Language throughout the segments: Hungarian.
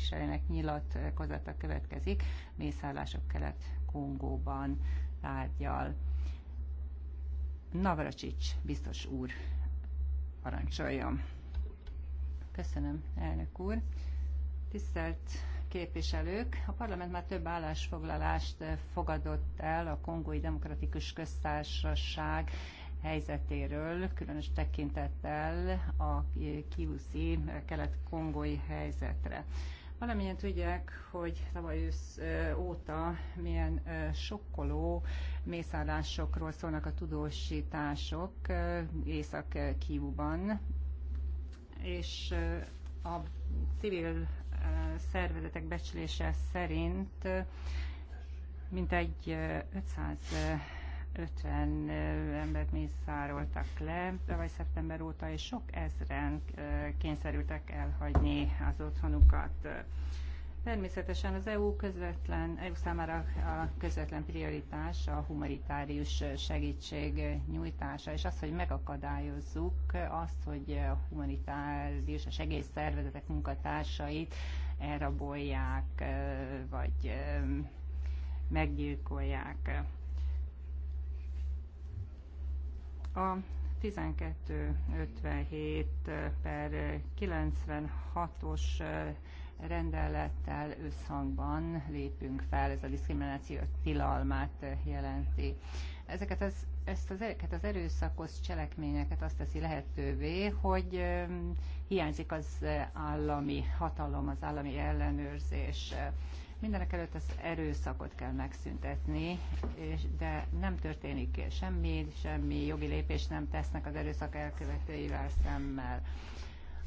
képviselőnek nyilatkozata következik, mészállások kelet-Kongóban tárgyal. Navracsics biztos úr parancsoljon. Köszönöm, elnök úr. Tisztelt képviselők, a parlament már több állásfoglalást fogadott el a Kongói Demokratikus Köztársaság helyzetéről, különös tekintettel a kiuszi kelet-kongói helyzetre. Valamilyen tudják, hogy tavaly ősz óta milyen sokkoló mészállásokról szólnak a tudósítások észak kívúban és a civil szervezetek becslése szerint mintegy 500 50 embert mészároltak le tavaly szeptember óta, és sok ezren kényszerültek elhagyni az otthonukat. Természetesen az EU közvetlen, EU számára a közvetlen prioritás a humanitárius segítség nyújtása, és az, hogy megakadályozzuk azt, hogy a humanitárius a segélyszervezetek munkatársait elrabolják, vagy meggyilkolják. A 1257 eh, per 96-os eh, rendelettel összhangban lépünk fel, ez a diszkrimináció tilalmát eh, jelenti. Ezeket az, ezt az, ezeket az erőszakos cselekményeket azt teszi lehetővé, hogy hiányzik az állami hatalom, az állami ellenőrzés. Mindenek előtt az erőszakot kell megszüntetni, és, de nem történik semmi, semmi jogi lépés nem tesznek az erőszak elkövetőivel szemmel.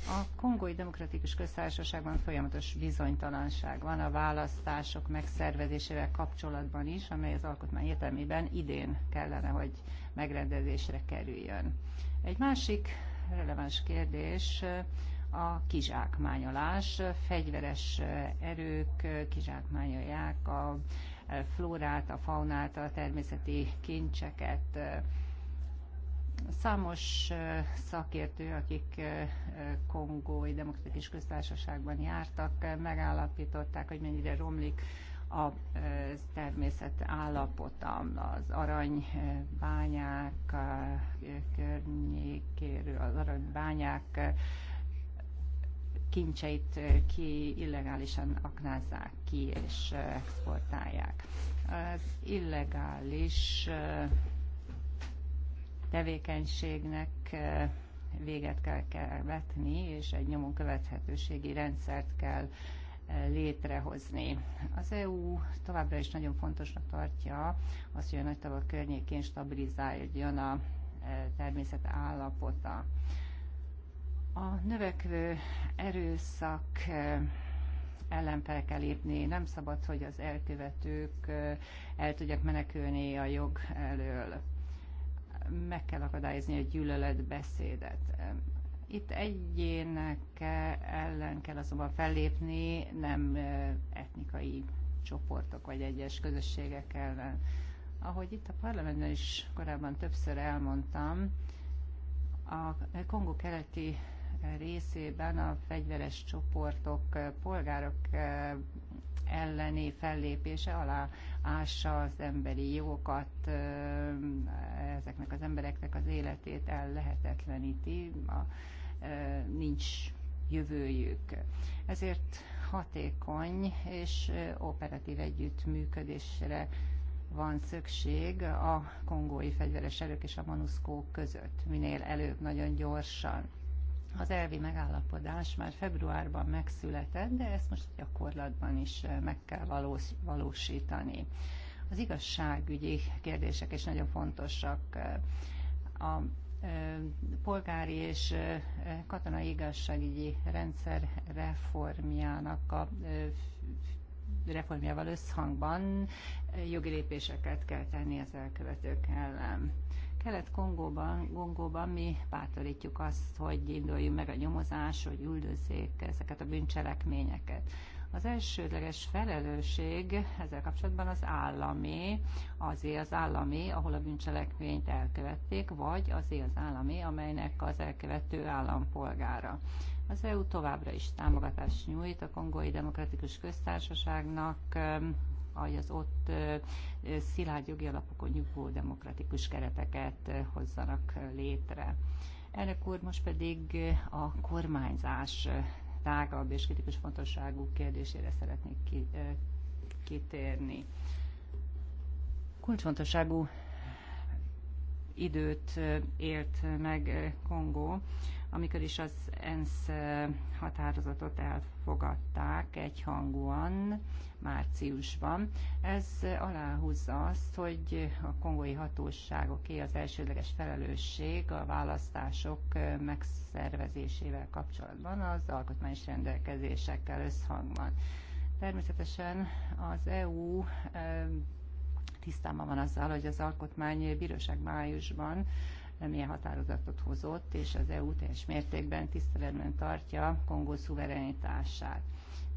A Kongói Demokratikus Köztársaságban folyamatos bizonytalanság van a választások megszervezésével kapcsolatban is, amely az alkotmány értelmében idén kellene, hogy megrendezésre kerüljön. Egy másik releváns kérdés a kizsákmányolás. Fegyveres erők kizsákmányolják a flórát, a faunát, a természeti kincseket. Számos szakértő, akik Kongói Demokratikus Köztársaságban jártak, megállapították, hogy mennyire romlik a természet állapota, az aranybányák környékéről, az aranybányák kincseit ki illegálisan aknázzák ki és exportálják. Az illegális tevékenységnek véget kell, kell vetni, és egy nyomon követhetőségi rendszert kell létrehozni. Az EU továbbra is nagyon fontosnak tartja azt, hogy a nagy tavak környékén stabilizáljon a természet állapota. A növekvő erőszak eh, ellen fel kell lépni. Nem szabad, hogy az elkövetők eh, el tudjak menekülni a jog elől. Meg kell akadályozni a gyűlöletbeszédet. Eh, itt egyének ellen kell azonban fellépni, nem etnikai csoportok vagy egyes közösségek ellen. Ahogy itt a parlamentben is korábban többször elmondtam, a Kongó keleti részében a fegyveres csoportok eh, polgárok eh, elleni fellépése alá ássa az emberi jogokat, eh, ezeknek az embereknek az életét el lehetetleníti, a, nincs jövőjük. Ezért hatékony és operatív együttműködésre van szükség a kongói fegyveres erők és a MONUSCO között, minél előbb nagyon gyorsan. Az elvi megállapodás már februárban megszületett, de ezt most gyakorlatban is eh, meg kell valós, valósítani. Az igazságügyi kérdések is nagyon fontosak. Eh, a eh, polgári és katonai igazságügyi rendszer reformjának a reformjával összhangban jogi lépéseket kell tenni az elkövetők ellen. Kelet-Kongóban Kongóban mi bátorítjuk azt, hogy induljunk meg a nyomozás, hogy üldözzék ezeket a bűncselekményeket. Az elsődleges felelősség ezzel kapcsolatban az állami, azért az állami, ahol a bűncselekményt elkövették, vagy azért az állami, amelynek az elkövető állampolgára. Az EU továbbra is támogatást nyújt a Kongói Demokratikus Köztársaságnak hogy az ott szilárd jogi alapokon nyugvó demokratikus kereteket hozzanak létre. Elnök úr, most pedig a kormányzás tágabb és kritikus fontosságú kérdésére szeretnék kitérni. Kulcsfontosságú időt élt meg Kongó, amikor is az ENSZ határozatot elfogadták egyhangúan márciusban. Ez aláhúzza azt, hogy a kongói hatóságoké az elsődleges felelősség a választások megszervezésével kapcsolatban az alkotmányos rendelkezésekkel összhangban. Természetesen az EU tisztában van azzal, hogy az bíróság májusban milyen határozatot hozott, és az EU teljes mértékben tiszteletben tartja Kongó szuverenitását.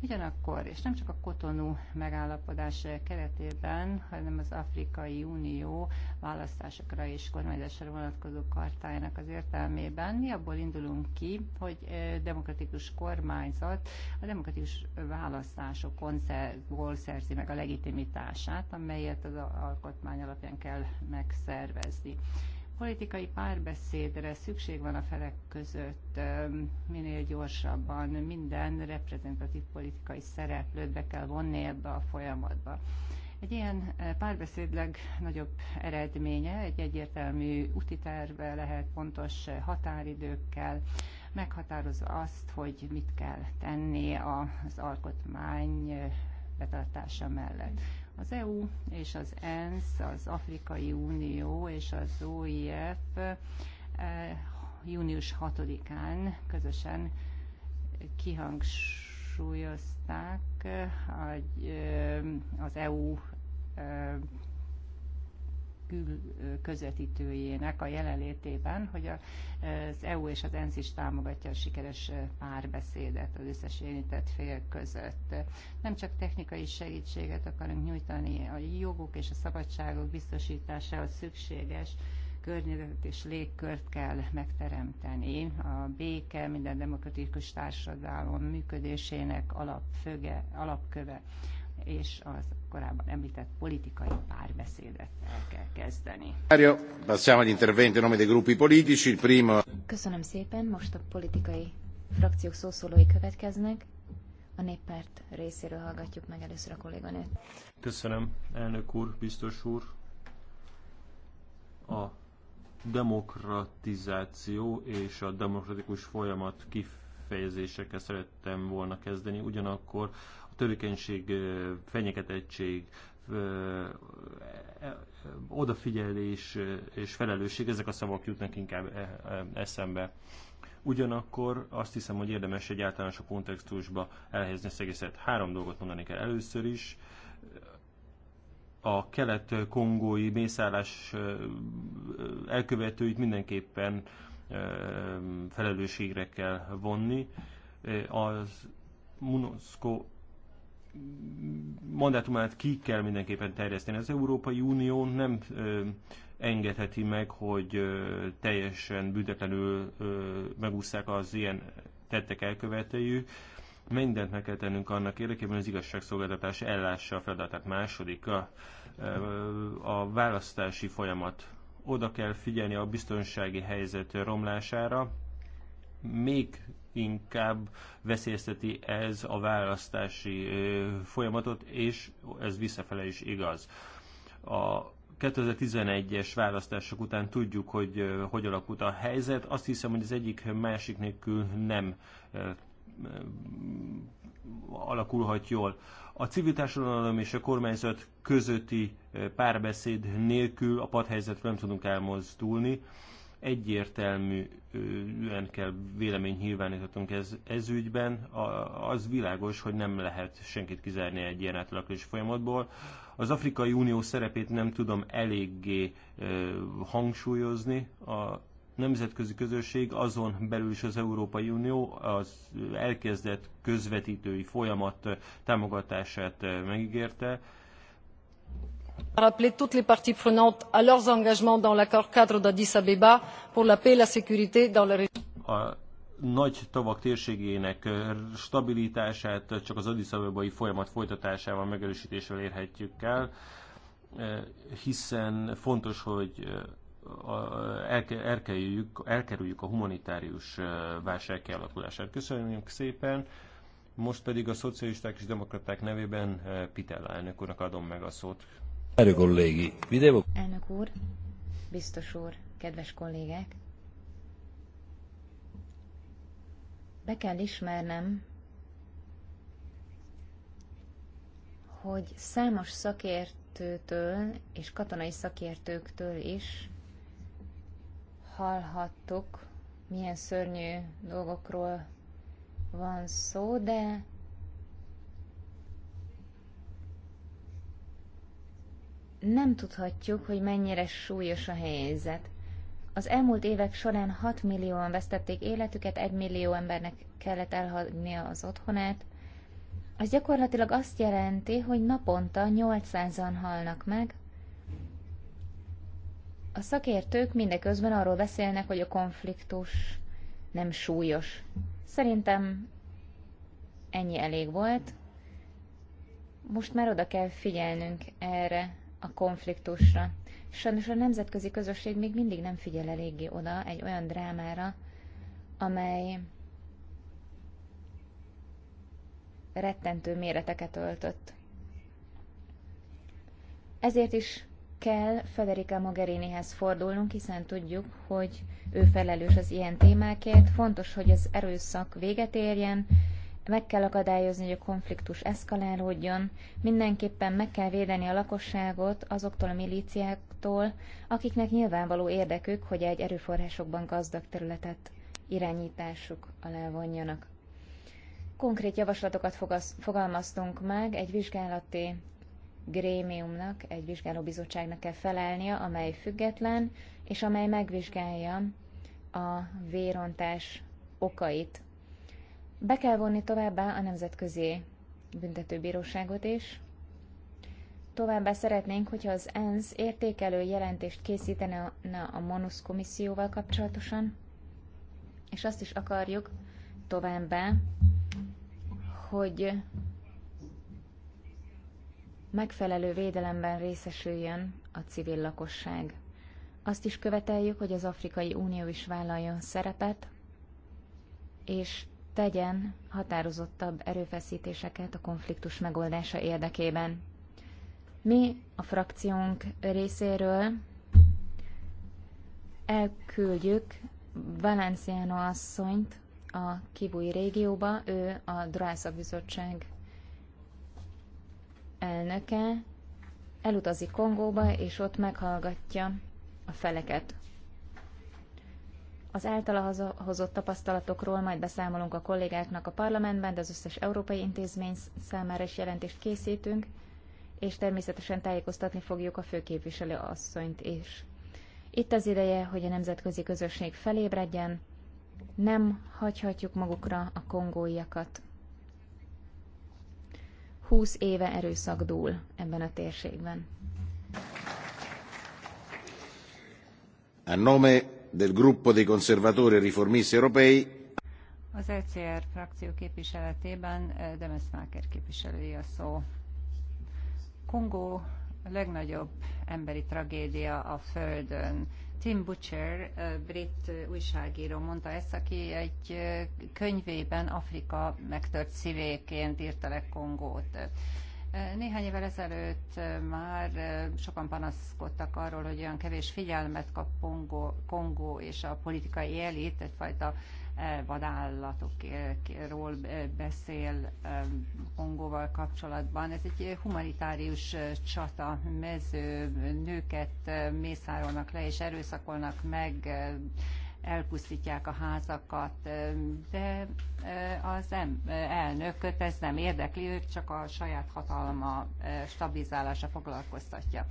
Ugyanakkor, és nem csak a kotonú megállapodás keretében, hanem az Afrikai Unió választásokra és kormányzásra vonatkozó kartájának az értelmében mi abból indulunk ki, hogy demokratikus kormányzat a demokratikus választásokon szerzi meg a legitimitását, amelyet az alkotmány alapján kell megszervezni. Politikai párbeszédre szükség van a felek között, minél gyorsabban minden reprezentatív politikai szereplőt be kell vonni ebbe a folyamatba. Egy ilyen párbeszéd legnagyobb eredménye egy egyértelmű úti terve lehet pontos határidőkkel, meghatározza azt, hogy mit kell tenni az alkotmány betartása mellett. Az EU és az ENSZ, az Afrikai Unió és az OIF eh, június 6-án közösen kihangsúlyozták eh, eh, az EU közvetítőjének a jelenlétében, hogy az EU és az ENSZ is támogatja a sikeres párbeszédet az összes érintett fél között. Nem csak technikai segítséget akarunk nyújtani, a jogok és a szabadságok biztosításához szükséges környezetet és légkört kell megteremteni. A béke minden demokratikus társadalom működésének alapföge, alapköve és az korábban említett politikai párbeszédet el kell kezdeni. Köszönöm szépen, most a politikai frakciók szószólói következnek. A néppárt részéről hallgatjuk meg először a kolléganőt. Köszönöm, elnök úr, biztos úr. A demokratizáció és a demokratikus folyamat kifejezésekkel szerettem volna kezdeni, ugyanakkor törékenység, fenyegetettség, e, odafigyelés és felelősség, ezek a szavak jutnak inkább e, e, eszembe. Ugyanakkor azt hiszem, hogy érdemes egy általános kontextusba elhelyezni ezt egészet. Három dolgot mondani kell először is. A kelet-kongói mészállás elkövetőit mindenképpen felelősségre kell vonni. Az UNESCO mandátumát ki kell mindenképpen terjeszteni. Az Európai Unió nem engedheti meg, hogy teljesen büntetlenül megúszszák az ilyen tettek elkövetőjük. Mindent meg kell tennünk annak érdekében, hogy az igazságszolgáltatás ellássa a feladatát. Második a, a választási folyamat. Oda kell figyelni a biztonsági helyzet romlására, még inkább veszélyezteti ez a választási folyamatot, és ez visszafele is igaz. A 2011-es választások után tudjuk, hogy hogy alakult a helyzet. Azt hiszem, hogy az egyik másik nélkül nem alakulhat jól. A civil társadalom és a kormányzat közötti párbeszéd nélkül a padhelyzetről nem tudunk elmozdulni egyértelműen kell vélemény nyilvánítatunk ez, ez ügyben, az világos, hogy nem lehet senkit kizárni egy ilyen átalakulás folyamatból. Az Afrikai Unió szerepét nem tudom eléggé hangsúlyozni, a nemzetközi közösség, azon belül is az Európai Unió az elkezdett közvetítői folyamat támogatását megígérte, rappeler toutes les parties prenantes à leurs engagements dans l'accord cadre d'addis abeba pour la paix et la sécurité dans la région. A nagy tavak térségének stabilitását csak az Addis Abebai folyamat folytatásával, megerősítésével érhetjük el, hiszen fontos, hogy elkerüljük, elkerüljük a humanitárius válság kialakulását. Köszönjük szépen! Most pedig a szocialisták és demokraták nevében Pitella elnök úrnak adom meg a szót. Elnök úr, biztos úr, kedves kollégák! Be kell ismernem, hogy számos szakértőtől és katonai szakértőktől is hallhattuk, milyen szörnyű dolgokról van szó, de nem tudhatjuk, hogy mennyire súlyos a helyzet. Az elmúlt évek során 6 millióan vesztették életüket, 1 millió embernek kellett elhagynia az otthonát. Ez gyakorlatilag azt jelenti, hogy naponta 800-an halnak meg. A szakértők mindeközben arról beszélnek, hogy a konfliktus nem súlyos. Szerintem ennyi elég volt. Most már oda kell figyelnünk erre a konfliktusra. Sajnos a nemzetközi közösség még mindig nem figyel eléggé oda egy olyan drámára, amely rettentő méreteket öltött. Ezért is kell Federica Mogherinihez fordulnunk, hiszen tudjuk, hogy ő felelős az ilyen témákért. Fontos, hogy az erőszak véget érjen, meg kell akadályozni, hogy a konfliktus eszkalálódjon, mindenképpen meg kell védeni a lakosságot azoktól a milíciáktól, akiknek nyilvánvaló érdekük, hogy egy erőforrásokban gazdag területet irányításuk alá vonjanak. Konkrét javaslatokat fogalmaztunk meg, egy vizsgálati grémiumnak, egy vizsgálóbizottságnak kell felelnie, amely független, és amely megvizsgálja a vérontás okait be kell vonni továbbá a Nemzetközi Büntetőbíróságot is. Továbbá szeretnénk, hogyha az ENSZ értékelő jelentést készítene a MONUSZ komisszióval kapcsolatosan, és azt is akarjuk továbbá, hogy megfelelő védelemben részesüljön a civil lakosság. Azt is követeljük, hogy az Afrikai Unió is vállaljon szerepet, és tegyen határozottabb erőfeszítéseket a konfliktus megoldása érdekében. Mi a frakciónk részéről elküldjük Valenciano asszonyt a Kivui régióba, ő a Drásza Bizottság elnöke, elutazik Kongóba, és ott meghallgatja a feleket. Az általa hozott tapasztalatokról majd beszámolunk a kollégáknak a parlamentben, de az összes európai intézmény számára is jelentést készítünk, és természetesen tájékoztatni fogjuk a főképviselő asszonyt is. Itt az ideje, hogy a nemzetközi közösség felébredjen, nem hagyhatjuk magukra a kongóiakat. Húsz éve erőszak dúl ebben a térségben. A nome del gruppo dei conservatori e riformisti europei. Az ECR frakció képviseletében eh, Demesmaker képviselői a szó. Kongó legnagyobb emberi tragédia a Földön. Tim Butcher, eh, brit újságíró mondta ezt, aki egy eh, könyvében Afrika megtört szívéként írta le Kongót. Néhány évvel ezelőtt már sokan panaszkodtak arról, hogy olyan kevés figyelmet kap Kongo, Kongó és a politikai elit, egyfajta vadállatokról beszél Kongóval kapcsolatban. Ez egy humanitárius csata, mező, nőket mészárolnak le és erőszakolnak meg, elpusztítják a házakat, de az elnököt ez nem érdekli, ő csak a saját hatalma stabilizálása foglalkoztatja.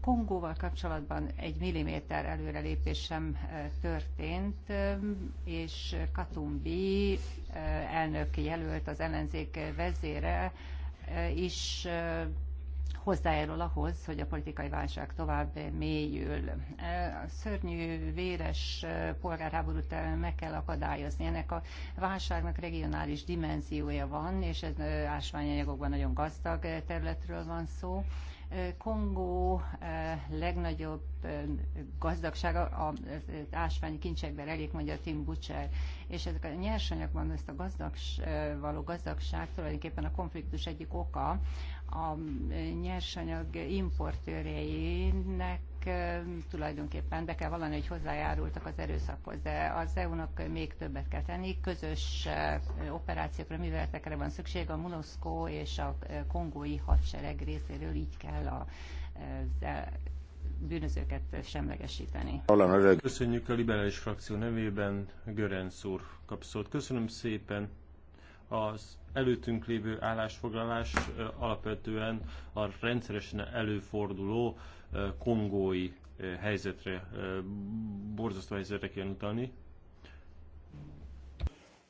Kongóval kapcsolatban egy milliméter előrelépés sem történt, és Katumbi elnök jelölt az ellenzék vezére is hozzájárul ahhoz, hogy a politikai válság tovább mélyül. A szörnyű, véres polgárháborút meg kell akadályozni. Ennek a válságnak regionális dimenziója van, és ez ásványanyagokban nagyon gazdag területről van szó. Kongó legnagyobb gazdagsága az ásványi kincsekben elég, mondja Tim Butcher, és ezek a nyersanyagban ezt a gazdags, való gazdagság tulajdonképpen a konfliktus egyik oka, a nyersanyag importőrjeinek tulajdonképpen be kell valani, hogy hozzájárultak az erőszakhoz, de az EU-nak még többet kell tenni. Közös operációkra, műveletekre van szükség, a Monoszkó és a kongói hadsereg részéről így kell a e, bűnözőket semlegesíteni. Köszönjük a liberális frakció nevében, Görenc úr kapszót. Köszönöm szépen az előttünk lévő állásfoglalás alapvetően a rendszeresen előforduló kongói helyzetre, borzasztó helyzetre kell utalni.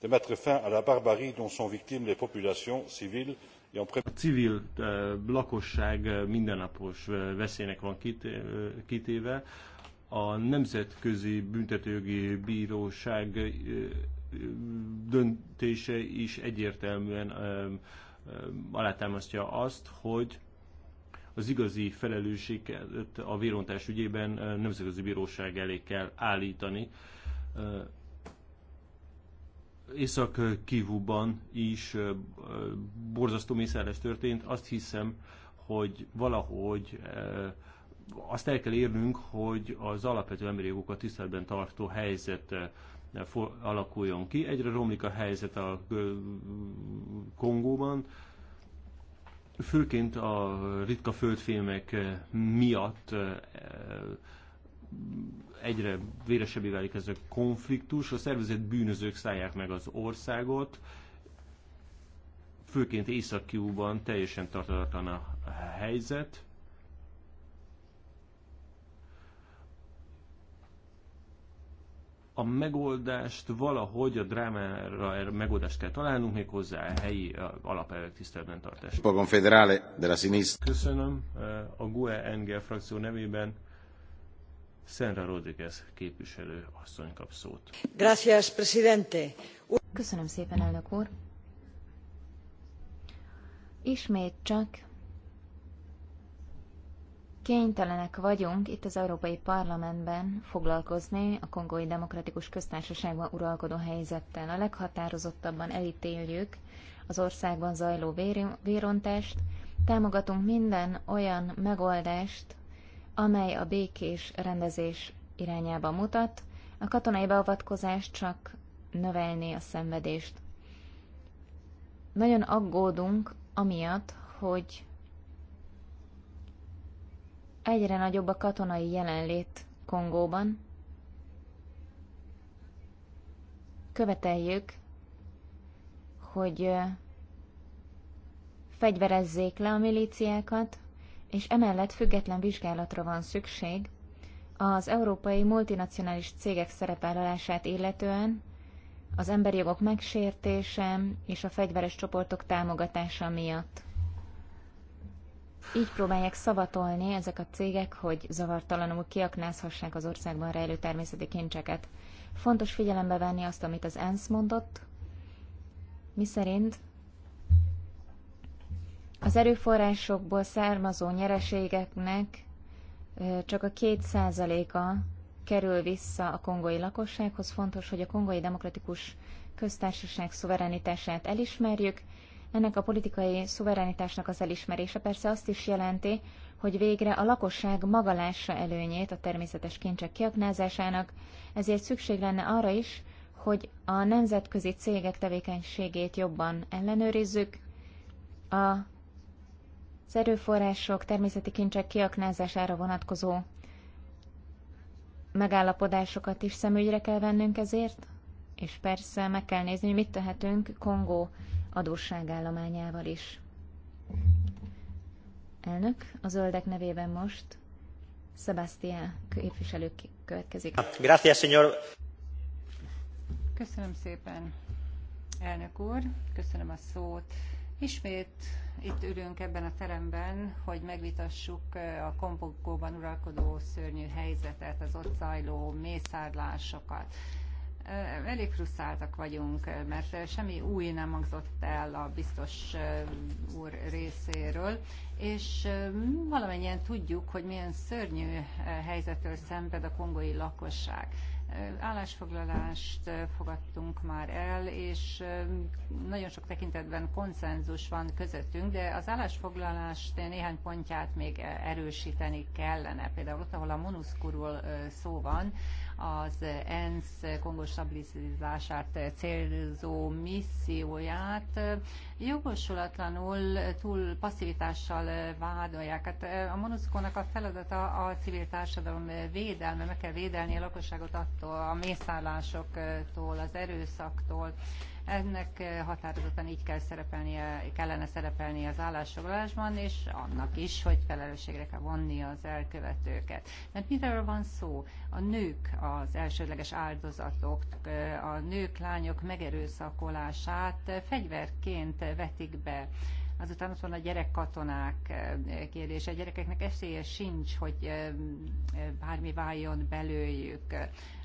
De mettre fin à la barbarie dont sont victimes les populations civiles en a civil lakosság mindennapos veszélynek van kitéve. A Nemzetközi Büntetőjogi Bíróság döntése is egyértelműen alátámasztja azt, hogy az igazi felelősséget a vérontás ügyében nemzetközi bíróság elé kell állítani. Észak-Kivuban is borzasztó mészállás történt. Azt hiszem, hogy valahogy azt el kell érnünk, hogy az alapvető emberi jogokat tiszteletben tartó helyzet alakuljon ki. Egyre romlik a helyzet a Kongóban, főként a ritka földfémek miatt egyre véresebbé válik ez a konfliktus. A szervezett bűnözők szállják meg az országot, főként észak teljesen tartatlan a helyzet. a megoldást valahogy a drámára megoldást kell találnunk, méghozzá a helyi alapelvek tiszteletben tartás. della Sinistra. Köszönöm eh, a GUE NGL frakció nevében. Szentra Rodriguez képviselő asszony kap szót. Gracias, presidente. Köszönöm szépen, elnök úr. Ismét csak kénytelenek vagyunk itt az Európai Parlamentben foglalkozni a Kongói Demokratikus Köztársaságban uralkodó helyzettel. A leghatározottabban elítéljük az országban zajló vérontást, támogatunk minden olyan megoldást, amely a békés rendezés irányába mutat, a katonai beavatkozás csak növelné a szenvedést. Nagyon aggódunk amiatt, hogy Egyre nagyobb a katonai jelenlét Kongóban. Követeljük, hogy fegyverezzék le a milíciákat, és emellett független vizsgálatra van szükség az európai multinacionális cégek szerepvállalását illetően, az emberi jogok megsértése és a fegyveres csoportok támogatása miatt. Így próbálják szavatolni ezek a cégek, hogy zavartalanul kiaknázhassák az országban rejlő természeti kincseket. Fontos figyelembe venni azt, amit az ENSZ mondott, miszerint az erőforrásokból származó nyereségeknek csak a két százaléka kerül vissza a kongói lakossághoz. Fontos, hogy a kongói demokratikus köztársaság szuverenitását elismerjük, ennek a politikai szuverenitásnak az elismerése persze azt is jelenti, hogy végre a lakosság maga lássa előnyét a természetes kincsek kiaknázásának, ezért szükség lenne arra is, hogy a nemzetközi cégek tevékenységét jobban ellenőrizzük, a az erőforrások természeti kincsek kiaknázására vonatkozó megállapodásokat is szemügyre kell vennünk ezért, és persze meg kell nézni, hogy mit tehetünk Kongó adósságállományával is. Elnök, a zöldek nevében most Sebastián képviselő következik. Gracias, señor. Köszönöm szépen, elnök úr, köszönöm a szót. Ismét itt ülünk ebben a teremben, hogy megvitassuk eh, a Kompokóban uralkodó szörnyű helyzetet, az ott zajló mészárlásokat elég frusztráltak vagyunk, mert semmi új nem hangzott el a biztos úr részéről, és valamennyien tudjuk, hogy milyen szörnyű helyzetől szenved a kongói lakosság állásfoglalást fogadtunk már el, és nagyon sok tekintetben konszenzus van közöttünk, de az állásfoglalást néhány pontját még erősíteni kellene. Például ott, ahol a monuszkurul szó van, az ENSZ Kongó stabilizálását célzó misszióját jogosulatlanul túl passzivitással vádolják. Hát a monuszko a feladata a civil társadalom védelme, meg kell védelni a lakosságot attól, a mészállásoktól, az erőszaktól, ennek eh, határozottan így kell szerepelnie, kellene szerepelni az állásfoglalásban, és annak is, hogy felelősségre kell vonni az elkövetőket. Mert miről van szó? A nők az elsődleges áldozatok, eh, a nők, lányok megerőszakolását eh, fegyverként vetik be. Azután ott van a gyerekkatonák kérdése. A gyerekeknek esélye sincs, hogy bármi váljon belőjük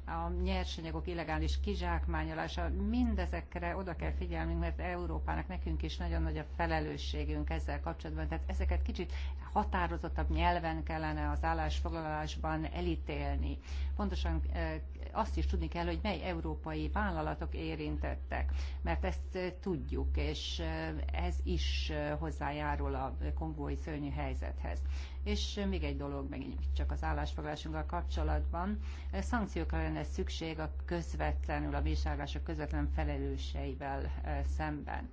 a nyersanyagok illegális kizsákmányolása, mindezekre oda kell figyelnünk, mert Európának nekünk is nagyon nagy a felelősségünk ezzel kapcsolatban. Tehát ezeket kicsit határozottabb nyelven kellene az állásfoglalásban elítélni. Pontosan eh, azt is tudni kell, hogy mely európai vállalatok érintettek, mert ezt eh, tudjuk, és eh, ez is hozzájárul a kongói szörnyű helyzethez. És még egy dolog, megint csak az állásfoglalásunkkal kapcsolatban, szankciókra lenne szükség a közvetlenül, a bírságások közvetlen felelőseivel eh, szemben.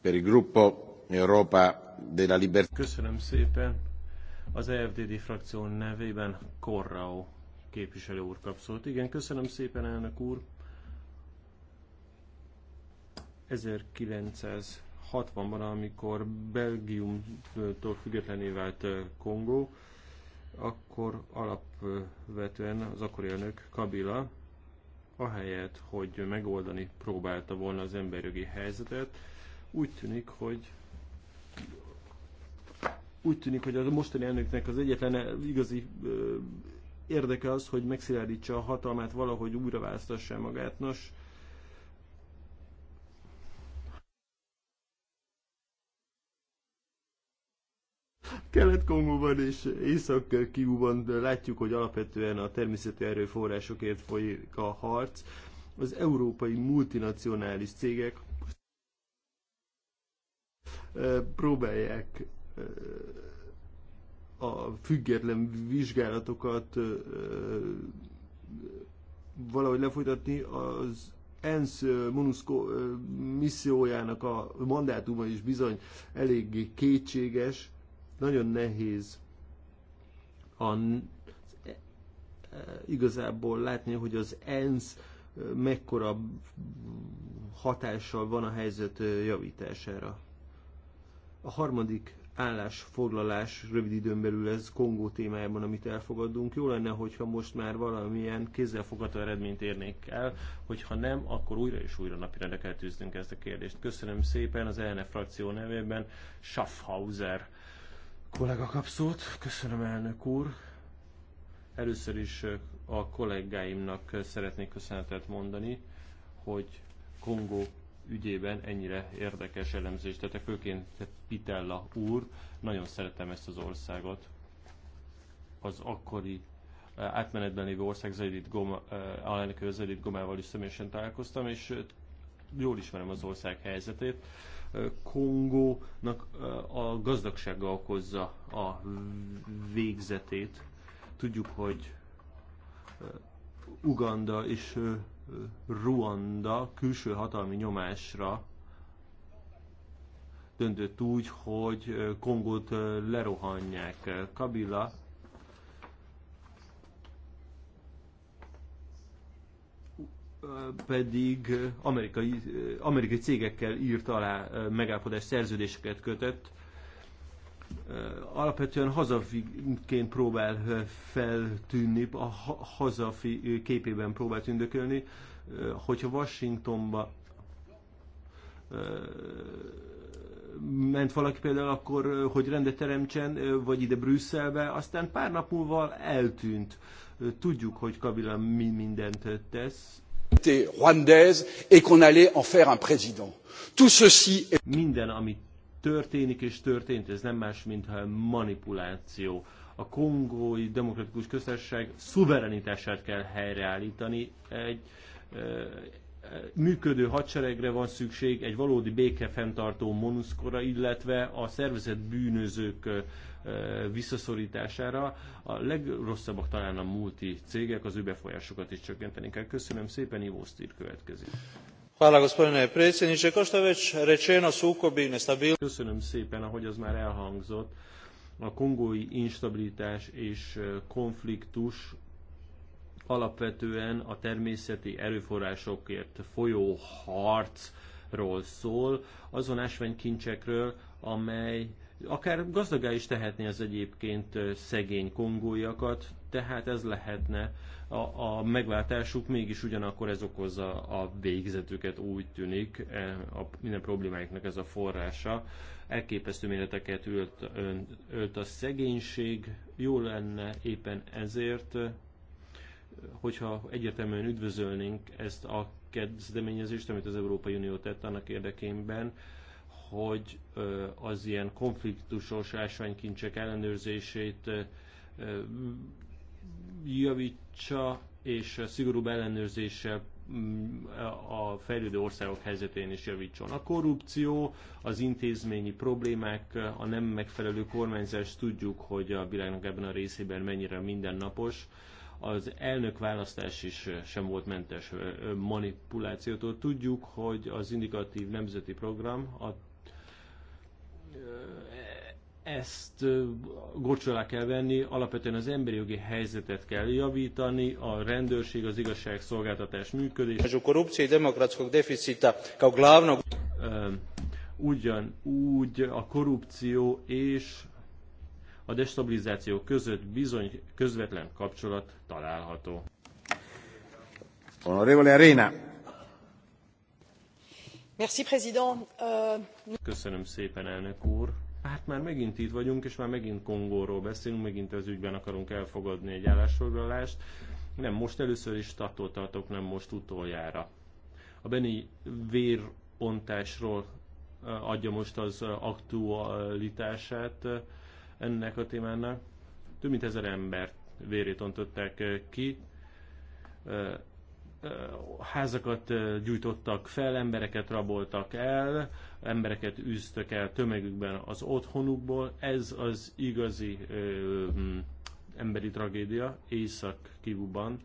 Per il gruppo Europa della Libertà. Köszönöm szépen. Az EFDD frakció nevében Korrao képviselő úr kap szót. Igen, köszönöm szépen, elnök úr. 1960-ban, amikor Belgiumtól függetlené vált eh, Kongó, akkor alapvetően az akkori elnök Kabila ahelyett, hogy megoldani próbálta volna az emberjogi helyzetet, úgy tűnik, hogy úgy tűnik, hogy a mostani elnöknek az egyetlen igazi érdeke az, hogy megszilárdítsa a hatalmát, valahogy újra választassa magát. Nos, Kelet-Kongóban és Észak-Kiúban látjuk, hogy alapvetően a természeti erőforrásokért folyik a harc. Az európai multinacionális cégek próbálják a független vizsgálatokat valahogy lefolytatni az ENSZ MONUSCO missziójának a mandátuma is bizony eléggé kétséges, nagyon nehéz a, e, e, igazából látni, hogy az ENSZ e, mekkora hatással van a helyzet javítására. A harmadik állásfoglalás rövid időn belül ez Kongó témájában, amit elfogadunk. Jó lenne, hogyha most már valamilyen kézzelfogható eredményt érnék el, hogyha nem, akkor újra és újra napirendre kell tűznünk ezt a kérdést. Köszönöm szépen az ELNE frakció nevében Schaffhauser kollega kapszót. Köszönöm, elnök úr. Először is a kollégáimnak szeretnék köszönetet mondani, hogy Kongó ügyében ennyire érdekes elemzést tettek, főként Pitella úr. Nagyon szeretem ezt az országot. Az akkori átmenetben lévő ország Zedit Goma, alelnökő Zedit Gomával is személyesen találkoztam, és jól ismerem az ország helyzetét. Kongónak a gazdagsága okozza a végzetét. Tudjuk, hogy Uganda és Ruanda külső hatalmi nyomásra döntött úgy, hogy Kongót lerohanják. Kabila pedig eh, amerikai, eh, amerikai cégekkel írt alá eh, megállapodás szerződéseket kötött. Alapvetően hazafiként próbál feltűnni, a hazafi képében próbál tündökölni. Hogyha Washingtonba ment valaki például akkor, hogy rendet teremtsen, vagy ide Brüsszelbe, aztán pár nap múlva eltűnt. Tudjuk, hogy Kabila mi mindent tesz, rwandaise et qu'on allait en faire un président. Tout ceci est... Minden, ami történik és történt, ez nem más, mint manipuláció. A kongói demokratikus köztársaság szuverenitását kell helyreállítani egy működő hadseregre van szükség, egy valódi békefenntartó monuszkora, illetve a szervezett bűnözők visszaszorítására. A legrosszabbak talán a multi cégek, az ő befolyásokat is csökkenteni kell. Köszönöm szépen, Ivo Sztír következik. Hvala gospodine predsjedniče. Kao što već rečeno, sukobi i Köszönöm szépen, ahogy az már elhangzott. A kongói instabilitás és konfliktus alapvetően a természeti erőforrásokért folyó harcról szól, azon ásványkincsekről, amely akár gazdagá is tehetné az egyébként szegény kongóiakat, tehát ez lehetne a, a megváltásuk, mégis ugyanakkor ez okozza a végzetüket, úgy tűnik, e, a, minden problémáiknak ez a forrása. Elképesztő méreteket ölt, ölt a szegénység, jó lenne éppen ezért hogyha egyértelműen üdvözölnénk ezt a kezdeményezést, amit az Európai Unió tett annak érdekében, hogy az ilyen konfliktusos ásványkincsek ellenőrzését javítsa, és szigorúbb ellenőrzése mm, a fejlődő országok helyzetén is javítson. A korrupció, az intézményi problémák, a nem megfelelő kormányzás, tudjuk, hogy a világnak ebben a részében mennyire mindennapos az elnök választás is sem volt mentes manipulációtól. Tudjuk, hogy az indikatív nemzeti program a, e, ezt gocsolá kell venni, alapvetően az emberi jogi helyzetet kell javítani, a rendőrség, az igazságszolgáltatás működés. A korrupció és demokratskog deficita a glavnog... Ugyanúgy a korrupció és a destabilizáció között bizony közvetlen kapcsolat található. Honorable Arena. Merci, euh, Köszönöm szépen, elnök úr. Hát már megint itt vagyunk, és már megint Kongóról beszélünk, megint az ügyben akarunk elfogadni egy állásfoglalást. Nem most először is attól tartok, nem most utoljára. A Beni vérontásról adja most az aktualitását ennek a témának. Több mint ezer embert vérét öntöttek eh, ki, eh, eh, házakat gyújtottak fel, embereket raboltak el, embereket üztek el tömegükben az otthonukból. Ez az igazi ö, mm, emberi tragédia Észak-Kivuban,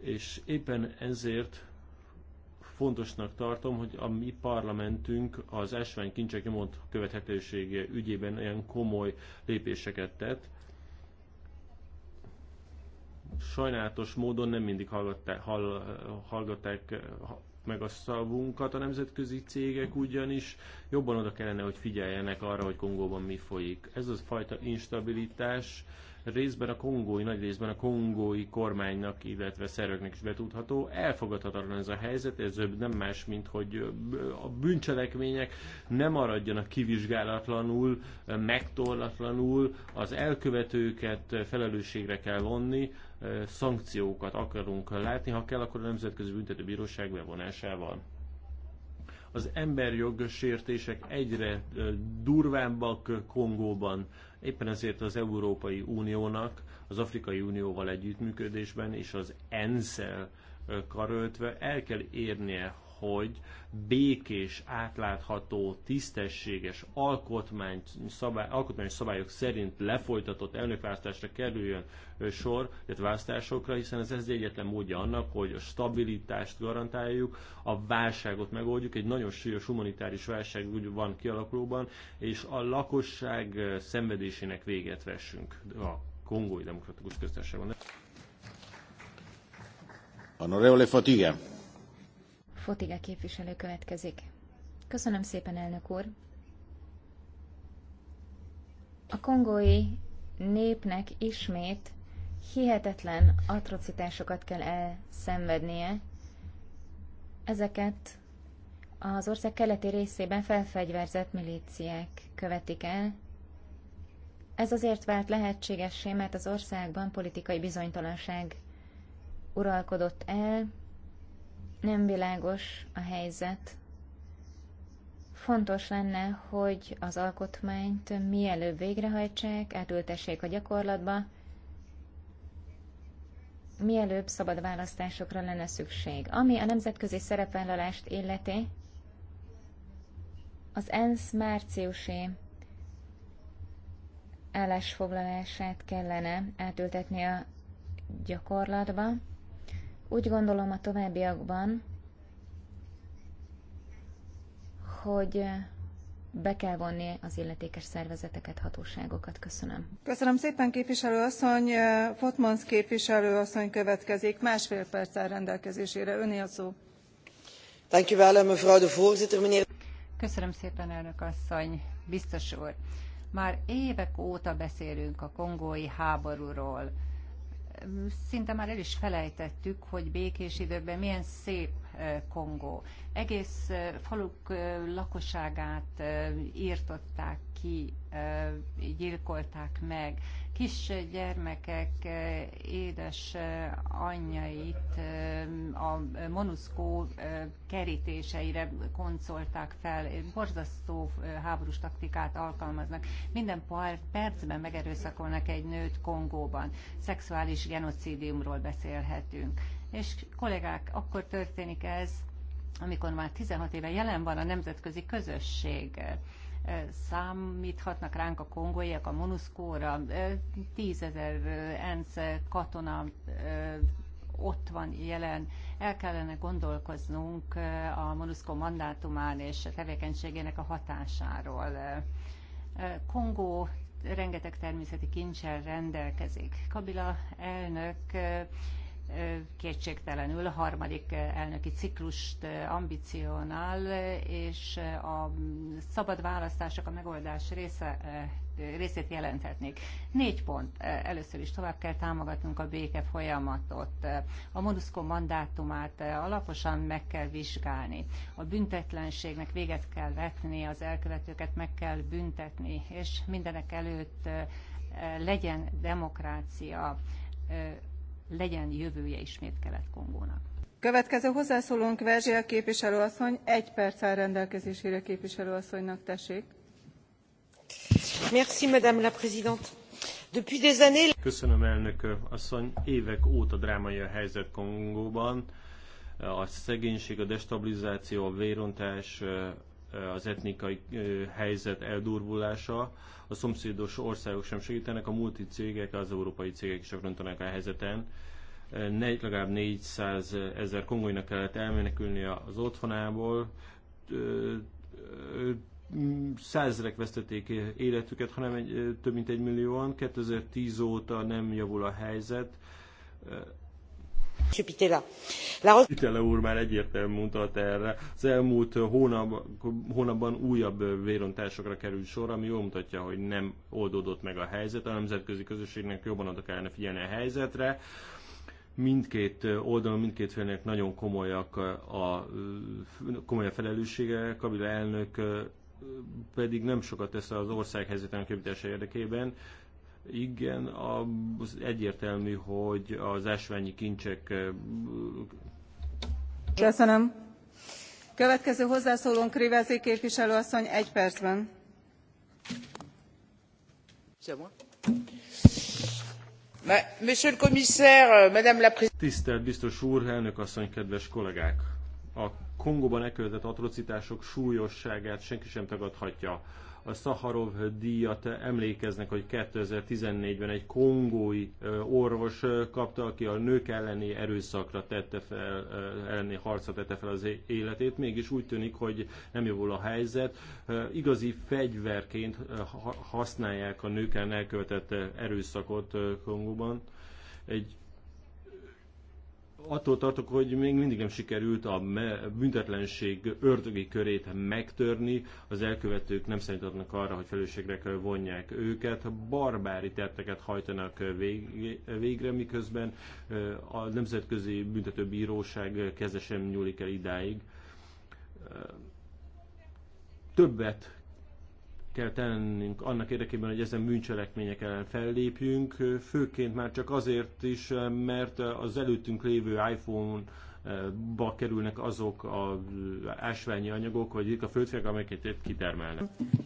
és éppen ezért fontosnak tartom, hogy a mi parlamentünk az kincsek nyomot követhetősége ügyében ilyen komoly lépéseket tett. Sajnálatos módon nem mindig hallgatták, hall, hallgatták, meg a szavunkat a nemzetközi cégek, ugyanis jobban oda kellene, hogy figyeljenek arra, hogy Kongóban mi folyik. Ez az fajta instabilitás részben a kongói, nagy részben a kongói kormánynak, illetve szerveknek is betudható. Elfogadhatatlan ez a helyzet, ez nem más, mint hogy a bűncselekmények nem maradjanak kivizsgálatlanul, megtorlatlanul, az elkövetőket felelősségre kell vonni, szankciókat akarunk látni, ha kell, akkor a Nemzetközi Büntetőbíróság bevonásával. Az emberjog sértések egyre durvábbak Kongóban, éppen ezért az Európai Uniónak, az Afrikai Unióval együttműködésben és az ENSZ-el karöltve el kell érnie, hogy békés, átlátható, tisztességes alkotmány, szabály, alkotmány szabályok szerint lefolytatott elnökválasztásra kerüljön sor, illetve választásokra, hiszen ez az egyetlen módja annak, hogy a stabilitást garantáljuk, a válságot megoldjuk, egy nagyon súlyos humanitáris válság van kialakulóban, és a lakosság szenvedésének véget vessünk a Kongói Demokratikus Köztársaságban. Honorevole Fatiga. Fotiga képviselő következik. Köszönöm szépen, elnök úr! A kongói népnek ismét hihetetlen atrocitásokat kell elszenvednie. Ezeket az ország keleti részében felfegyverzett milíciák követik el. Ez azért vált lehetségessé, mert az országban politikai bizonytalanság uralkodott el, nem világos a helyzet. Fontos lenne, hogy az alkotmányt mielőbb végrehajtsák, átültessék a gyakorlatba, mielőbb szabad választásokra lenne szükség. Ami a nemzetközi szerepvállalást illeti, az ENSZ márciusi állásfoglalását kellene átültetni a gyakorlatba. Úgy gondolom a továbbiakban, hogy be kell vonni az illetékes szervezeteket, hatóságokat. Köszönöm. Köszönöm szépen képviselő asszony. Fotmans képviselő asszony következik. Másfél perccel rendelkezésére. Öné a szó. Thank you well, mevrouw de voorzitter, meneer. Köszönöm szépen, elnök asszony. Biztos úr. Már évek óta beszélünk a kongói háborúról szinte már el is felejtettük, hogy békés időben milyen szép Kongó. Egész faluk lakosságát írtották ki, gyilkolták meg kis gyermekek édes anyjait a monuszkó kerítéseire koncolták fel, borzasztó háborús taktikát alkalmaznak. Minden pár percben megerőszakolnak egy nőt Kongóban. Szexuális genocidiumról beszélhetünk. És kollégák, akkor történik ez, amikor már 16 éve jelen van a nemzetközi közösség számíthatnak ránk a kongoiak, a monuszkóra, tízezer ENSZ katona ott van jelen, el kellene gondolkoznunk a Monuszkó mandátumán és tevékenységének a hatásáról. Kongó rengeteg természeti kincsel rendelkezik. Kabila elnök kétségtelenül a harmadik eh, elnöki ciklust eh, ambicionál, és eh, a szabad választások a megoldás része részét jelenthetnék. Négy pont. Először is tovább kell támogatnunk a béke folyamatot. A MONUSCO mandátumát alaposan meg kell vizsgálni. A büntetlenségnek véget kell vetni, az elkövetőket meg kell büntetni, és mindenek előtt legyen demokrácia legyen jövője ismét Kelet-Kongónak. Következő hozzászólónk Verzsia képviselőasszony, egy perc áll rendelkezésére képviselőasszonynak, tessék. Merci, Madame la Présidente. Depuis des années... Köszönöm, elnök asszony. Évek óta drámai a helyzet Kongóban. A szegénység, a destabilizáció, a vérontás, az etnikai helyzet eldurvulása, a szomszédos országok sem segítenek, a cégek, az európai cégek is rontanak a helyzeten. Negy, legalább 400 ezer kongóinak kellett elmenekülni az otthonából, százezrek vesztették életüket, hanem egy, több mint egy millióan. 2010 óta nem javul a helyzet Pitele úr már egyértelműen mutat erre. Az elmúlt hónap, hónapban újabb vérontásokra került sor, ami jól mutatja, hogy nem oldódott meg a helyzet. A nemzetközi közösségnek jobban oda kellene figyelni a helyzetre mindkét oldalon, mindkét félnek nagyon komolyak a, a komoly a felelőssége. Kabila elnök pedig nem sokat tesz az ország helyzetének javítása érdekében. Igen, az egyértelmű, hogy az ásványi kincsek... Köszönöm. Következő hozzászólón, Rivezi képviselőasszony egy percben. Euh, Tisztelt biztos úr, elnök asszony, kedves kollégák! A Kongóban elkövetett atrocitások súlyosságát senki sem tagadhatja a Szaharov díjat emlékeznek, hogy 2014-ben egy kongói orvos kapta, aki a nők elleni erőszakra tette fel, elleni harcra tette fel az életét. Mégis úgy tűnik, hogy nem javul a helyzet. Igazi fegyverként használják a nők ellen elkövetett erőszakot Kongóban. Egy attól tartok, hogy még mindig nem sikerült a büntetlenség ördögi körét megtörni, az elkövetők nem szerintetnek arra, hogy felelősségre kell vonják őket, barbári tetteket hajtanak végre, miközben a Nemzetközi Büntetőbíróság kezdesen nyúlik el idáig. Többet kell tennünk annak érdekében, hogy ezen bűncselekmények ellen fellépjünk, főként már csak azért is, mert az előttünk lévő iPhone ba kerülnek azok a ásványi anyagok, vagy itt a földfélek, amelyeket itt kitermelnek.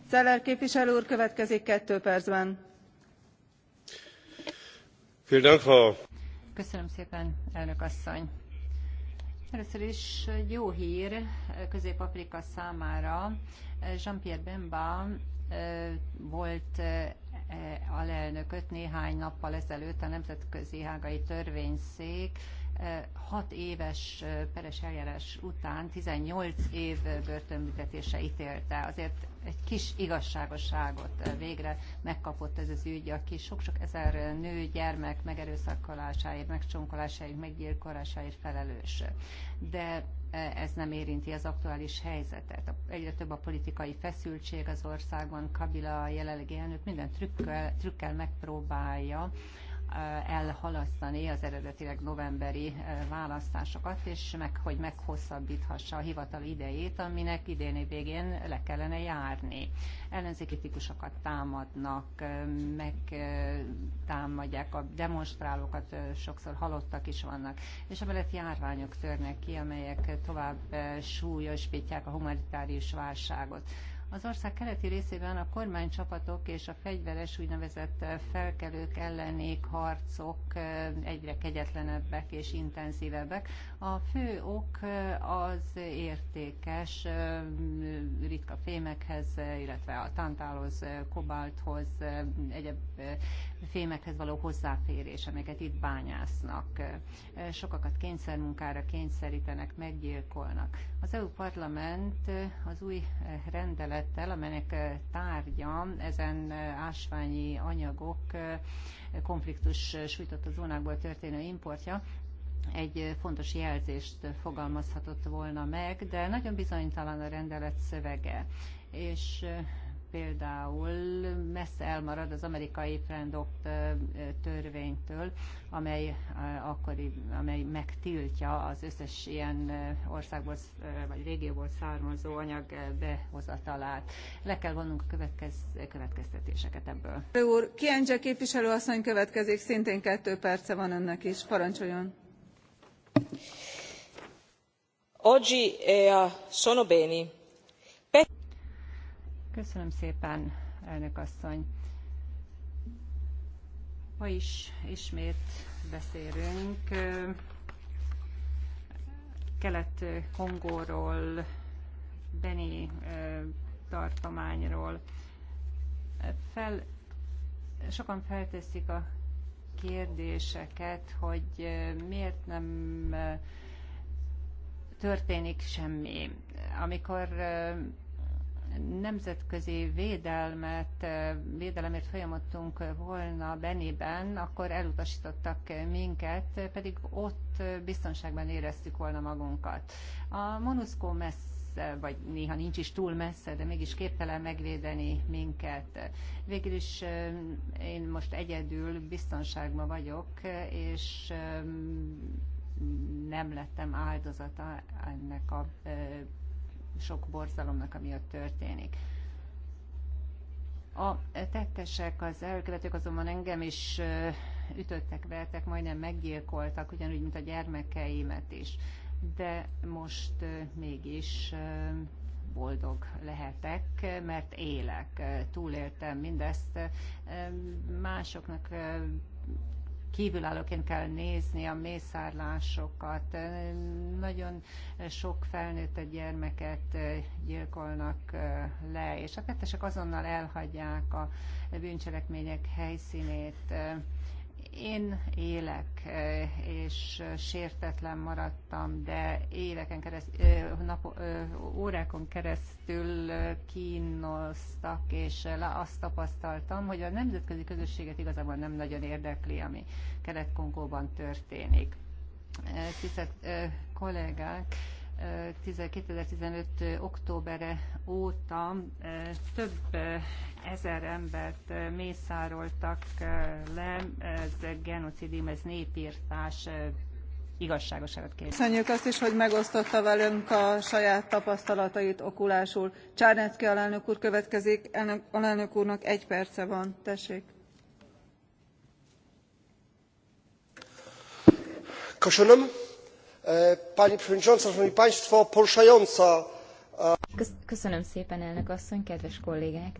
Szeller képviselő úr következik kettő percben. Köszönöm szépen, elnök asszony. Először is jó hír Közép-Afrika számára. Jean-Pierre Bemba volt alelnököt néhány nappal ezelőtt a Nemzetközi Hágai Törvényszék Eh, hat éves eh, peres eljárás után 18 év börtönbüntetése ítélte. Azért egy kis igazságosságot eh, végre megkapott ez az ügy, aki sok-sok ezer nő, gyermek megerőszakolásáért, megcsonkolásáért, meggyilkolásáért felelős. De ez nem érinti az aktuális helyzetet. Egyre több a politikai feszültség az országban, Kabila a jelenlegi elnök minden trükkel, trükkel megpróbálja elhalasztani az eredetileg novemberi választásokat, és meg, hogy meghosszabbíthassa a hivatal idejét, aminek idén végén le kellene járni. Ellenzéki típusokat támadnak, meg támadják a demonstrálókat, sokszor halottak is vannak, és emellett járványok törnek ki, amelyek tovább súlyosbítják a humanitárius válságot. Az ország keleti részében a kormánycsapatok és a fegyveres úgynevezett eh, felkelők ellenék harcok eh, egyre kegyetlenebbek és intenzívebbek. A fő ok az értékes ritka fémekhez, illetve a tantálhoz, kobalthoz, egyéb fémekhez való hozzáférés, amelyeket itt bányásznak. Sokakat kényszermunkára kényszerítenek, meggyilkolnak. Az EU Parlament az új rendelettel, amelynek tárgya ezen ásványi anyagok konfliktus sújtott a zónákból történő importja, egy fontos jelzést fogalmazhatott volna meg, de nagyon bizonytalan a rendelet szövege, és például messze elmarad az amerikai Friendokt törvénytől, amely, akkori, amely megtiltja az összes ilyen országból vagy régióból származó anyag behozatalát. Le kell vonnunk a következ, következtetéseket ebből. Úr, képviselő asszony következik, szintén kettő perce van önnek is. Parancsoljon! Oggi eh, sono beni. Köszönöm szépen, elnök asszony. Ma is ismét beszélünk Kelet-Kongóról, Beni tartományról. Fel, sokan felteszik a kérdéseket, hogy miért nem történik semmi. Amikor nemzetközi védelmet, védelemért folyamodtunk volna Beniben, akkor elutasítottak minket, pedig ott biztonságban éreztük volna magunkat. A MONUSCO messze vagy néha nincs is túl messze, de mégis képtelen megvédeni minket. Végül is eh, én most egyedül biztonságban vagyok, és eh, nem lettem áldozata ennek a eh, sok borzalomnak, ami ott történik. A tettesek, az elkövetők azonban engem is ütöttek, vertek, majdnem meggyilkoltak, ugyanúgy, mint a gyermekeimet is de most mégis boldog lehetek, mert élek, túléltem mindezt. Másoknak kívülállóként kell nézni a mészárlásokat. Nagyon sok felnőtt gyermeket gyilkolnak le, és a kettesek azonnal elhagyják a bűncselekmények helyszínét én élek, eh, és eh, sértetlen maradtam, de éveken keresztül, eh, nap, órákon keresztül kínoztak, és azt tapasztaltam, hogy a nemzetközi közösséget igazából nem nagyon érdekli, ami Kelet-Kongóban történik. Tisztelt kollégák, 2015. októbere óta több ezer embert mészároltak le, ez genocidium, ez népírtás, igazságoságot kérdezik. Köszönjük azt is, hogy megosztotta velünk a saját tapasztalatait okulásul. Csárnecki alelnök úr következik, elnök, alelnök úrnak egy perce van, tessék. Köszönöm E, pani przewodnicząca! szanowni państwo! poruszająca. E, köszönöm szépen elnök asszony kedves kollégák!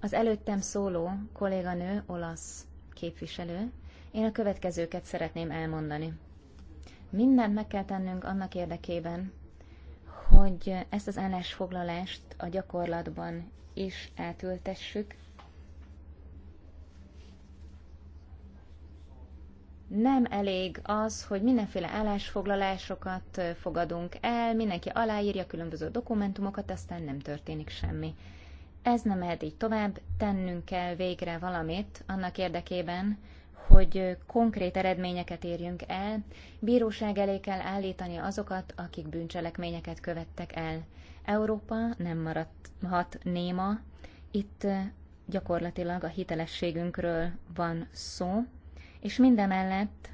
az előttem szóló kolléganő olasz képviselő én a következőket szeretném elmondani. Mindent meg kell tennünk annak érdekében, hogy ezt az állásfoglalást a gyakorlatban is átültessük, nem elég az, hogy mindenféle állásfoglalásokat fogadunk el, mindenki aláírja különböző dokumentumokat, aztán nem történik semmi. Ez nem lehet így tovább, tennünk kell végre valamit annak érdekében, hogy konkrét eredményeket érjünk el, bíróság elé kell állítani azokat, akik bűncselekményeket követtek el. Európa nem maradhat néma, itt gyakorlatilag a hitelességünkről van szó, és mindemellett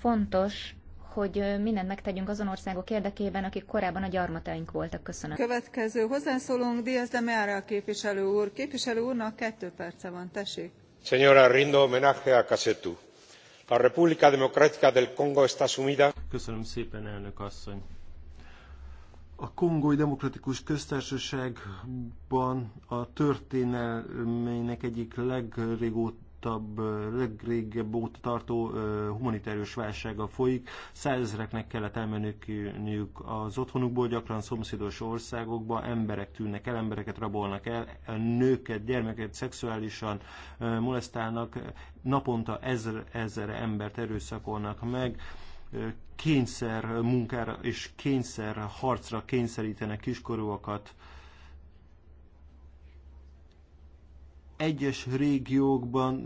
fontos, hogy mindent megtegyünk azon országok érdekében, akik korábban a gyarmataink voltak. Köszönöm. Következő hozzászólónk Díaz de Meara képviselő úr. Képviselő úrnak kettő perce van, tessék. Señora, rindo homenaje a Casetu. A República Democrática del Congo está sumida. Köszönöm szépen, elnök asszony. A Kongói Demokratikus Köztársaságban a történelmének egyik legrégót, legrosszabb, legrégebb óta tartó humanitárius válsága folyik. Százezreknek kellett elmenekülniük az otthonukból, gyakran szomszédos országokba, emberek tűnnek el, embereket rabolnak el, nőket, gyermeket szexuálisan molesztálnak, naponta ezer, ezer embert erőszakolnak meg, kényszer munkára és kényszer harcra kényszerítenek kiskorúakat, egyes régiókban,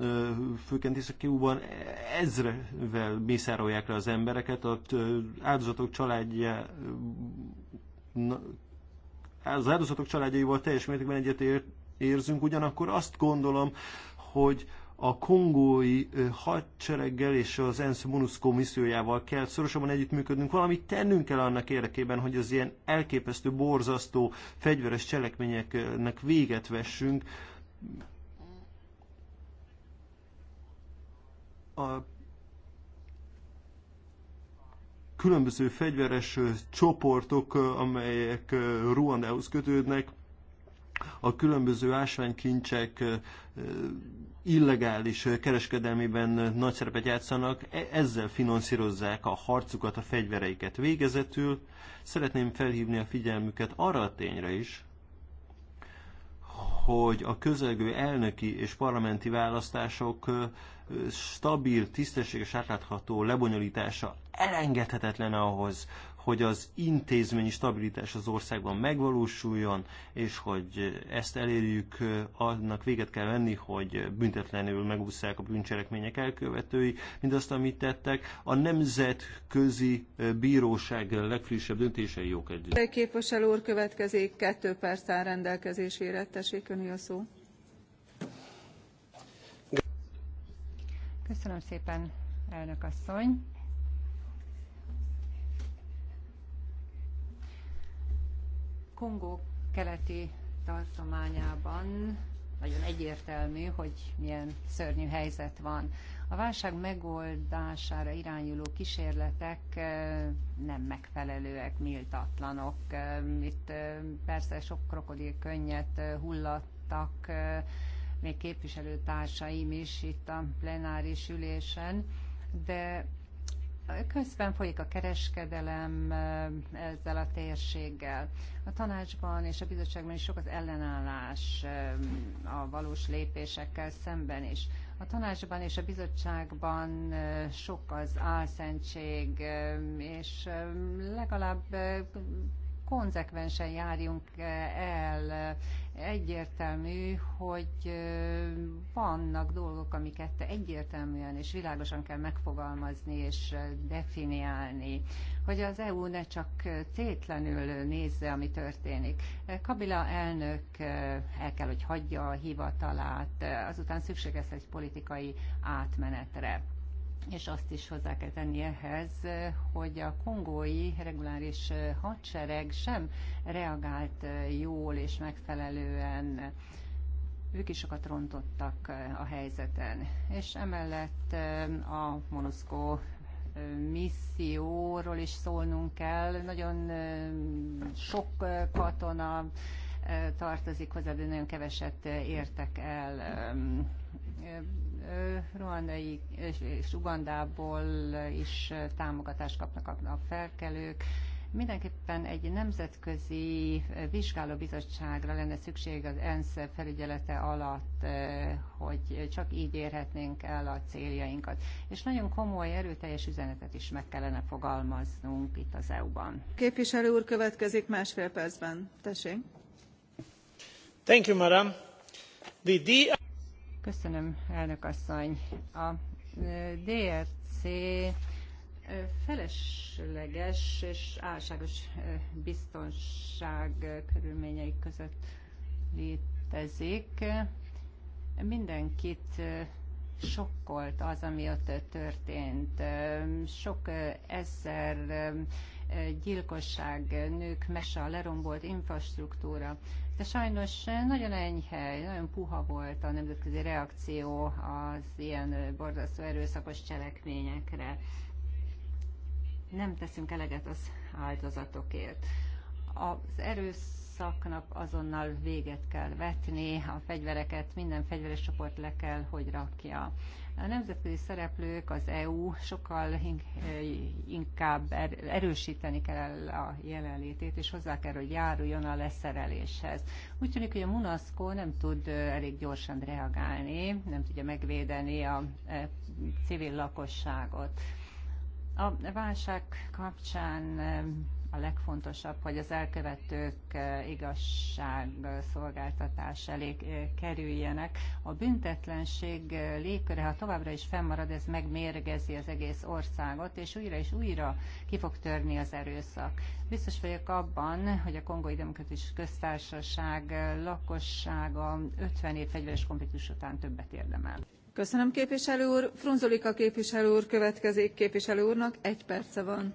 főként Észak-Kiúban ezrevel mészárolják le az embereket, a áldozatok családja az áldozatok családjaival teljes mértékben egyet ér, érzünk, ugyanakkor azt gondolom, hogy a kongói hadsereggel és az ENSZ MONUSCO missziójával kell szorosabban együttműködnünk, valamit tennünk kell annak érdekében, hogy az ilyen elképesztő, borzasztó, fegyveres cselekményeknek véget vessünk a különböző fegyveres csoportok, amelyek Ruandához kötődnek, a különböző ásványkincsek illegális kereskedelmében nagy szerepet játszanak, e, ezzel finanszírozzák a harcukat, a fegyvereiket végezetül. Szeretném felhívni a figyelmüket arra a tényre is, hogy a közelgő elnöki és parlamenti választások stabil, tisztességes, átlátható lebonyolítása elengedhetetlen ahhoz, hogy az intézményi stabilitás az országban megvalósuljon, és hogy ezt elérjük, annak véget kell venni, hogy büntetlenül megúszszák a bűncselekmények elkövetői, mindazt, amit tettek. A Nemzetközi Bíróság legfrissebb döntései jók együtt. Képviselő úr következik, kettő perc áll rendelkezésére, tessék öni a szó. Köszönöm szépen, elnök asszony. Kongó keleti tartományában nagyon egyértelmű, hogy milyen szörnyű helyzet van. A válság megoldására irányuló kísérletek nem megfelelőek, méltatlanok. Itt persze sok krokodil könnyet hullattak, még képviselőtársaim is itt a plenáris ülésen, de Közben folyik a kereskedelem eh, ezzel a térséggel. A tanácsban és a bizottságban is sok az ellenállás eh, a valós lépésekkel szemben is. A tanácsban és a bizottságban eh, sok az álszentség, és legalább konzekvensen járjunk eh, el. Egyértelmű, hogy eh, vannak dolgok, amiket egyértelműen és világosan kell megfogalmazni és eh, definiálni, hogy az EU ne csak tétlenül nézze, ami történik. Kabila elnök el kell, hogy hagyja a hivatalát, azután szükséges egy politikai átmenetre és azt is hozzá kell tenni ehhez, hogy a kongói reguláris hadsereg sem reagált jól és megfelelően. Ők is sokat rontottak a helyzeten. És emellett eh, a MONUSCO eh, misszióról is szólnunk kell. Nagyon eh, sok katona tartozik hozzá, de nagyon keveset értek el ruandai és Ugandából is támogatást kapnak a felkelők. Mindenképpen egy nemzetközi vizsgálóbizottságra lenne szükség az ENSZ felügyelete alatt, hogy csak így érhetnénk el a céljainkat. És nagyon komoly, erőteljes üzenetet is meg kellene fogalmaznunk itt az EU-ban. Képviselő úr következik másfél percben. Tessék. Thank you, madam. The Köszönöm, elnök asszony. A DRC felesleges és álságos biztonság körülményei között létezik. Mindenkit sokkolt az, ami ott történt. Sok ezer gyilkosság, nők mese, a lerombolt infrastruktúra. De sajnos nagyon enyhe, nagyon puha volt a nemzetközi reakció az ilyen borzasztó erőszakos cselekményekre. Nem teszünk eleget az áldozatokért. Az erőszak erőszaknak azonnal véget kell vetni, a fegyvereket minden fegyveres csoport le kell, hogy rakja. A nemzetközi szereplők, az EU sokkal inkább er- erősíteni kell a jelenlétét, és hozzá kell, hogy járuljon a leszereléshez. Úgy tűnik, hogy a MUNASZKO nem tud elég gyorsan reagálni, nem tudja megvédeni a e, civil lakosságot. A válság kapcsán a legfontosabb, hogy az elkövetők eh, igazságszolgáltatás eh, elé eh, kerüljenek. A büntetlenség légköre, ha továbbra is fennmarad, ez megmérgezi az egész országot, és újra és újra ki fog törni az erőszak. Biztos vagyok abban, hogy a Kongói Demokratikus Köztársaság lakossága 50 év fegyveres konfliktus után többet érdemel. Köszönöm képviselő úr. Frunzolika képviselő úr következik. Képviselő úrnak egy perce van.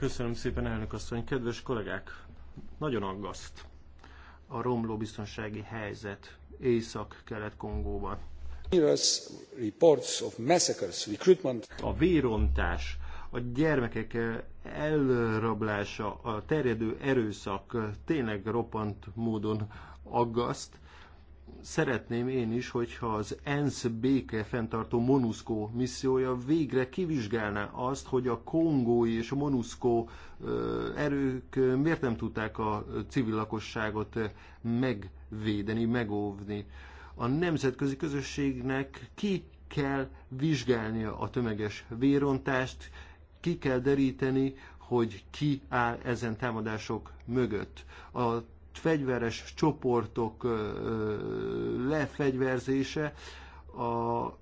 Köszönöm szépen, elnök asszony. Kedves kollégák, nagyon aggaszt a romló biztonsági helyzet Észak-Kelet-Kongóban. A vérontás, a gyermekek elrablása, a terjedő erőszak tényleg roppant módon aggaszt szeretném én is, hogyha az ENSZ béke fenntartó MONUSCO missziója végre kivizsgálná azt, hogy a kongói és a MONUSCO erők miért nem tudták a civil lakosságot megvédeni, megóvni. A nemzetközi közösségnek ki kell vizsgálnia a tömeges vérontást, ki kell deríteni, hogy ki áll ezen támadások mögött. A fegyveres csoportok lefegyverzése a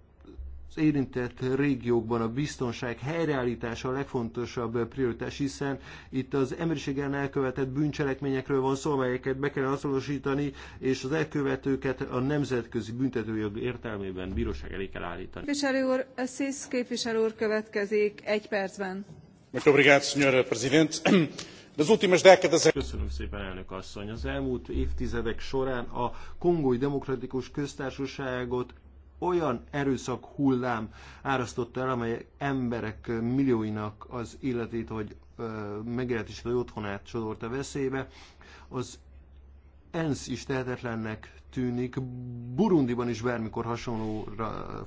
az érintett régiókban a biztonság helyreállítása a legfontosabb prioritás, hiszen itt az emberiségen elkövetett bűncselekményekről van szó, amelyeket be kell azonosítani, és az elkövetőket a nemzetközi büntetőjog értelmében bíróság elé kell állítani. Képviselő úr, Szisz képviselő úr következik egy percben. Muito obrigado, Presidente. Köszönöm szépen, elnök asszony. Az elmúlt évtizedek során a Kongói Demokratikus Köztársaságot olyan erőszak hullám árasztotta el, amely emberek millióinak az életét, hogy megélhetését, vagy otthonát sodorta veszélybe. Az ENSZ is tehetetlennek tűnik, Burundiban is bármikor hasonló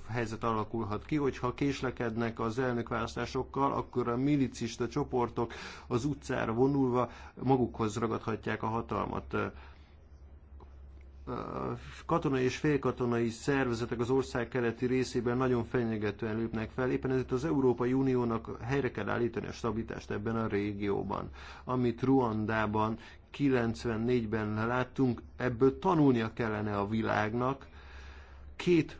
helyzet alakulhat ki, hogyha késlekednek az elnökválasztásokkal, akkor a milicista csoportok az utcára vonulva magukhoz ragadhatják a hatalmat katonai és félkatonai szervezetek az ország keleti részében nagyon fenyegetően lépnek fel, éppen ezért az Európai Uniónak helyre kell állítani a stabilitást ebben a régióban. Amit Ruandában 94-ben láttunk, ebből tanulnia kellene a világnak. Két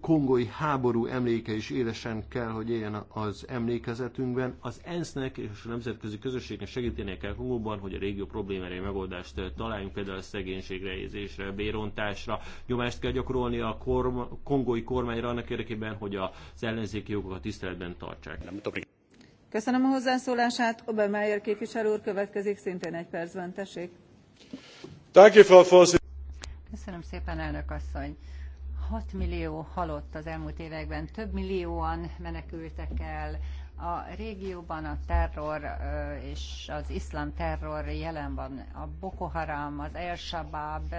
kongói háború emléke is élesen kell, hogy éljen az emlékezetünkben. Az ENSZ-nek és a nemzetközi közösségnek segítenie kell Kongóban, hogy a régió problémára megoldást eh, találjunk, például a szegénységre, érzésre, bérontásra. Nyomást kell gyakorolni a korma, kongói kormányra annak érdekében, hogy az ellenzéki jogokat tiszteletben tartsák. Köszönöm a hozzászólását. Obermeyer képviselő úr következik, szintén egy percben. Tessék. Köszönöm szépen, elnök asszony. 6 millió halott az elmúlt években, több millióan menekültek el, a régióban a terror és az iszlám terror jelen van. A Boko Haram, az El Shabaab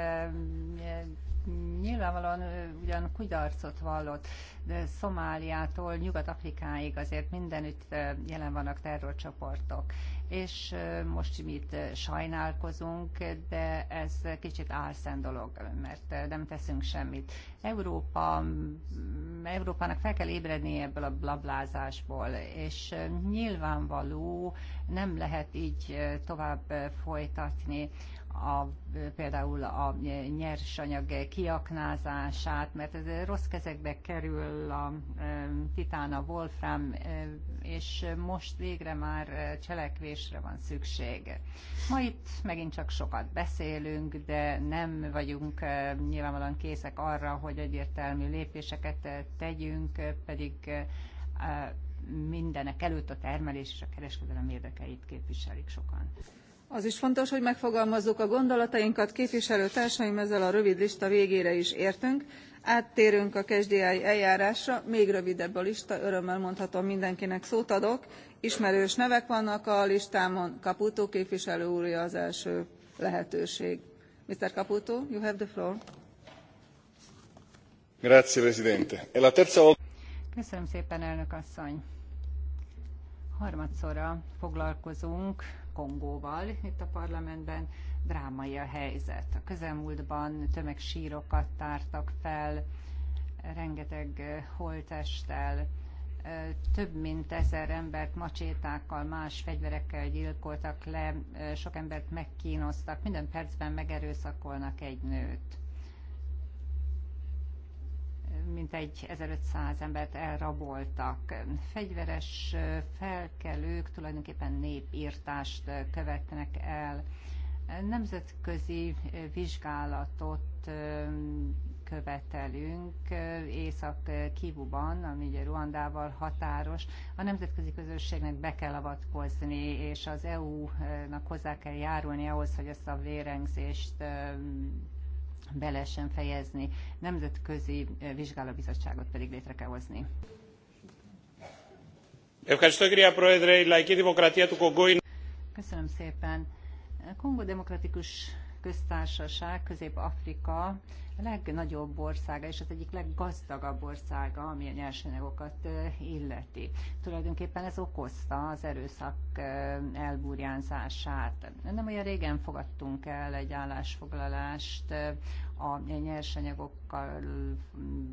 nyilvánvalóan ugyan kudarcot vallott, de Szomáliától Nyugat-Afrikáig azért mindenütt jelen vannak terrorcsoportok. És most mi itt sajnálkozunk, de ez kicsit álszent dolog, mert nem teszünk semmit. Európa, Európának fel kell ébredni ebből a blablázásból, és nyilvánvaló nem lehet így tovább folytatni a, például a nyersanyag kiaknázását, mert ez rossz kezekbe kerül a e, titán, a wolfram, e, és most végre már cselekvésre van szükség. Ma itt megint csak sokat beszélünk, de nem vagyunk e, nyilvánvalóan készek arra, hogy egyértelmű lépéseket tegyünk, pedig mindenek előtt a termelés és a kereskedelem érdekeit képviselik sokan az is fontos hogy megfogalmazzuk a gondolatainkat képviselőtársaim ezzel a rövid lista végére is értünk áttérünk a catch the eye eljárásra még rövidebb a lista örömmel mondhatom mindenkinek szót adok ismerős nevek vannak a listámon caputo képviselő úr az első lehetőség. mr caputo you have the floor. Grazie, Presidente. Köszönöm szépen, elnök asszony! harmadszorra foglalkozunk Kongóval itt a parlamentben. Drámai a helyzet. A közelmúltban tömegsírokat tártak fel, rengeteg holtestel, több mint ezer embert macsétákkal, más fegyverekkel gyilkoltak le, sok embert megkínoztak, minden percben megerőszakolnak egy nőt mintegy 1500 embert elraboltak. Fegyveres felkelők tulajdonképpen népírtást követnek el. Nemzetközi vizsgálatot követelünk Észak-Kivuban, ami ugye Ruandával határos. A nemzetközi közösségnek be kell avatkozni, és az EU-nak hozzá kell járulni ahhoz, hogy ezt a vérengzést be lehessen fejezni. Nemzetközi eh, vizsgálóbizottságot pedig létre kell hozni. Köszönöm szépen. Kongo Demokratikus Köztársaság, Közép-Afrika a legnagyobb országa és az egyik leggazdagabb országa, ami a nyersanyagokat illeti. Tulajdonképpen ez okozta az erőszak elburjánzását. Nem olyan régen fogadtunk el egy állásfoglalást a nyersanyagokkal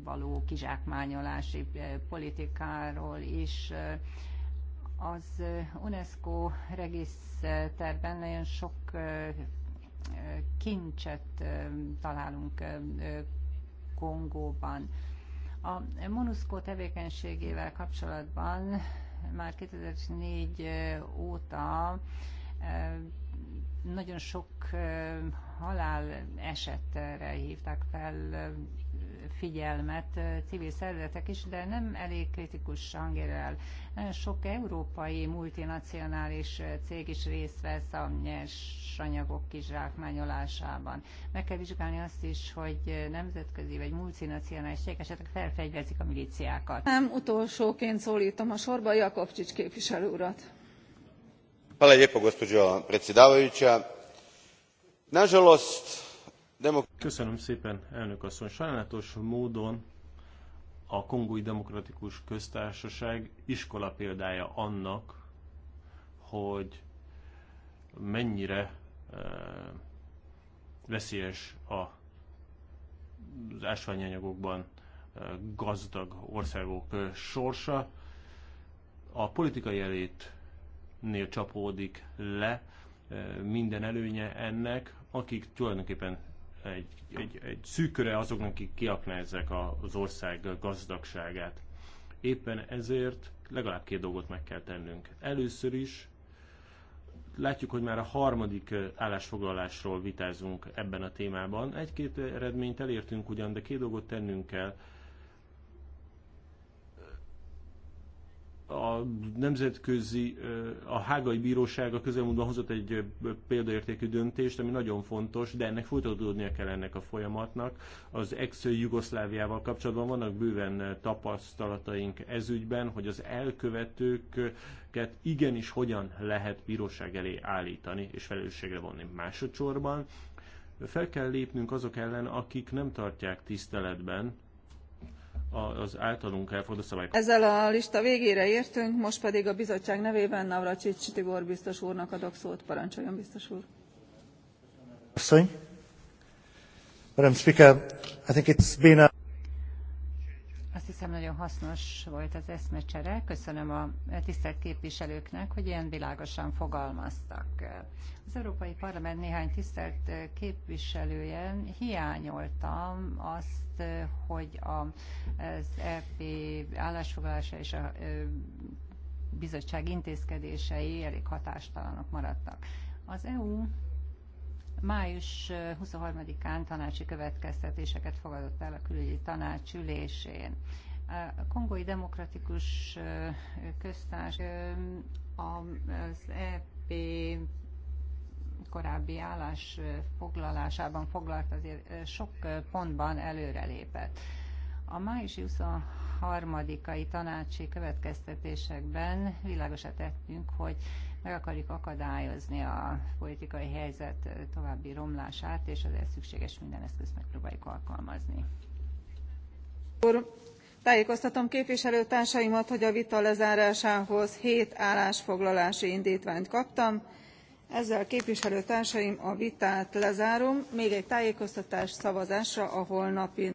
való kizsákmányolási politikáról is, az UNESCO regiszterben nagyon sok kincset találunk Kongóban. A MONUSCO tevékenységével kapcsolatban már 2004 óta nagyon sok halál esetre hívták fel figyelmet civil szervezetek is, de nem elég kritikus hangerővel. Sok európai multinacionális cég is részt vesz a nyersanyagok kizsákmányolásában. Meg kell vizsgálni azt is, hogy nemzetközi vagy multinacionális cég esetleg felfegyvezik a milíciákat. Nem utolsóként szólítom a sorba Jakovcsics képviselő urat. Hvala lijepo, gospođo predsjedavajuća. Nažalost, demok- Köszönöm szépen, elnök asszony. Sajnálatos módon a Kongói Demokratikus Köztársaság iskola példája annak, hogy mennyire eh, veszélyes a, az ásványanyagokban eh, gazdag országok eh, sorsa. A politikai elétnél csapódik le minden előnye ennek, akik tulajdonképpen egy, egy, egy szűköre azoknak, akik kiaknázzák az ország gazdagságát. Éppen ezért legalább két dolgot meg kell tennünk. Először is látjuk, hogy már a harmadik állásfoglalásról vitázunk ebben a témában. Egy-két eredményt elértünk ugyan, de két dolgot tennünk kell a nemzetközi, a hágai bíróság a közelmúltban hozott egy példaértékű döntést, ami nagyon fontos, de ennek folytatódnia kell ennek a folyamatnak. Az ex-Jugoszláviával kapcsolatban vannak bőven tapasztalataink ezügyben, hogy az elkövetőket igenis hogyan lehet bíróság elé állítani és felelősségre vonni másodszorban. Fel kell lépnünk azok ellen, akik nem tartják tiszteletben az általunk elfogadott szabályokat. Ezzel a lista végére értünk, most pedig a bizottság nevében Navracsics Tibor biztos úrnak adok szót. Parancsoljon, biztos úr. Köszönöm. Madam Speaker, I think it's been a... Azt hiszem, nagyon hasznos volt az eszmecsere. Köszönöm a tisztelt képviselőknek, hogy ilyen világosan fogalmaztak. Az Európai Parlament néhány tisztelt képviselője hiányoltam azt, hogy az EP állásfoglalása és a bizottság intézkedései elég hatástalanok maradtak. Az EU május 23-án tanácsi következtetéseket fogadott el a külügyi tanács ülésén. A Kongói Demokratikus Köztárs az EP korábbi állás foglalásában foglalt azért sok pontban előrelépett. A májusi 23-ai tanácsi következtetésekben világosat tettünk, hogy meg akarjuk akadályozni a politikai helyzet további romlását, és azért szükséges minden eszközt megpróbáljuk alkalmazni. Úr, tájékoztatom képviselőtársaimat, hogy a vita lezárásához hét állásfoglalási indítványt kaptam. Ezzel képviselőtársaim a vitát lezárom. Még egy tájékoztatás szavazásra a holnapi